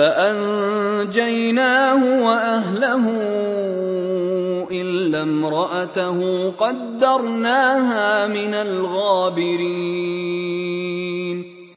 فأنجيناه وأهله إلا امرأته قدرناها من الغابرين